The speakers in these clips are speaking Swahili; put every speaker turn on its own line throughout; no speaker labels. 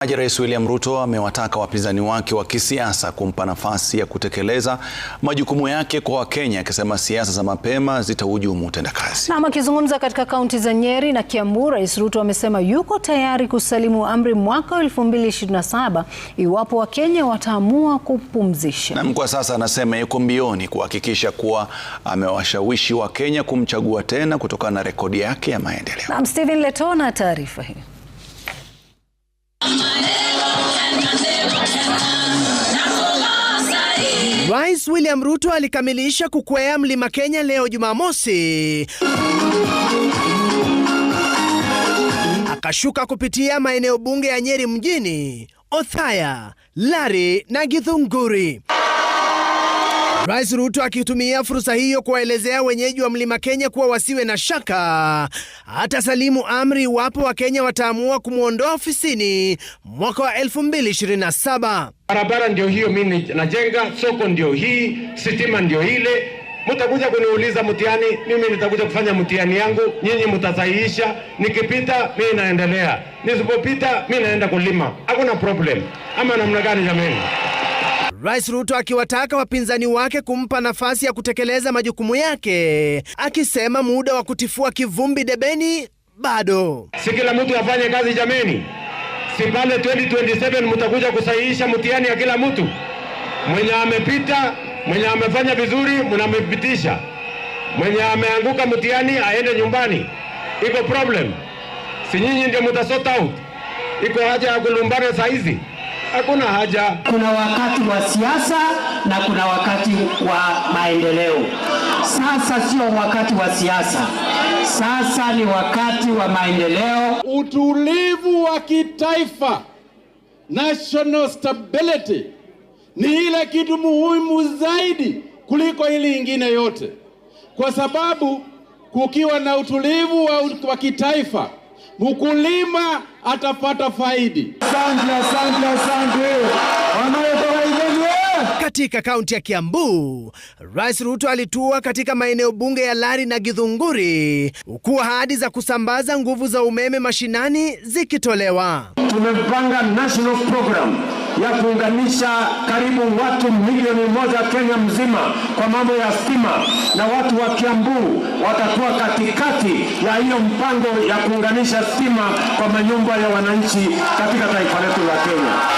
Maji Rais William Ruto amewataka wapinzani wake wa kisiasa kumpa nafasi ya kutekeleza majukumu yake kwa Wakenya akisema siasa za mapema zitahujumu utendakazi.
Naam, akizungumza katika kaunti za Nyeri na Kiambu, Rais Ruto amesema yuko tayari kusalimu amri mwaka 2027 iwapo Wakenya wataamua kupumzisha.
Naam, kwa sasa anasema yuko mbioni kuhakikisha kuwa amewashawishi Wakenya kumchagua tena kutokana na rekodi yake ya maendeleo.
Naam, Stephen Letona taarifa hii.
Rais William Ruto alikamilisha kukwea mlima Kenya leo Jumamosi, akashuka kupitia maeneo bunge ya Nyeri mjini, Othaya, Lari na Githunguri. Rais Ruto akitumia fursa hiyo kuwaelezea wenyeji wa Mlima Kenya kuwa wasiwe na shaka, hata salimu amri
iwapo Wakenya wataamua kumwondoa ofisini mwaka wa 2027. Barabara ndio hiyo mimi najenga, soko ndio hii, sitima ndio ile. Mtakuja kuniuliza mtihani, mimi nitakuja kufanya mtihani yangu, nyinyi mtasahihisha. Nikipita mimi naendelea, nisipopita mimi naenda kulima. Hakuna problem ama namna gani jameni?
Rais Ruto akiwataka wapinzani wake kumpa nafasi ya kutekeleza majukumu yake, akisema muda wa kutifua kivumbi debeni bado. Si
kila mtu afanye kazi jameni, si pale 2027 mtakuja kusahihisha mtihani ya kila mtu. Mwenye amepita, mwenye amefanya vizuri mnampitisha, mwenye ameanguka mtihani aende nyumbani. Iko problem, si nyinyi ndio mtasort out. Iko haja ya
kulumbana saa hizi hakuna haja. Kuna wakati wa siasa
na kuna wakati wa maendeleo. Sasa sio wakati wa siasa, sasa ni wakati wa maendeleo. Utulivu wa
kitaifa, national stability, ni ile kitu muhimu zaidi kuliko ili ingine yote, kwa sababu kukiwa na utulivu wa, wa kitaifa mkulima atapata faidi. Asante, asante,
asante. Katika kaunti ya Kiambu, Rais Ruto alitua katika maeneo bunge ya Lari na Githunguri, huku ahadi za kusambaza nguvu za umeme mashinani zikitolewa.
Tumepanga national program ya kuunganisha karibu watu milioni
moja Kenya mzima kwa mambo ya stima, na watu wa Kiambu watakuwa katikati ya hiyo mpango ya kuunganisha stima kwa manyumba ya wananchi katika taifa letu la Kenya.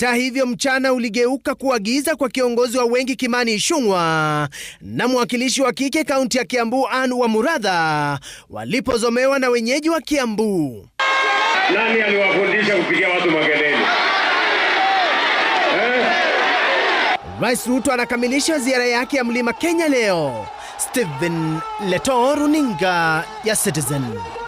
Hata hivyo, mchana uligeuka kuwa giza kwa kiongozi wa wengi Kimani Ichung'wah na mwakilishi wa kike kaunti ya Kiambu Anne Wamuratha walipozomewa na wenyeji wa Kiambu.
Nani aliwafundisha kupigia watu makelele?
Eh? Rais Ruto anakamilisha ziara yake ya Mlima Kenya leo. Stephen Leto, runinga ya Citizen.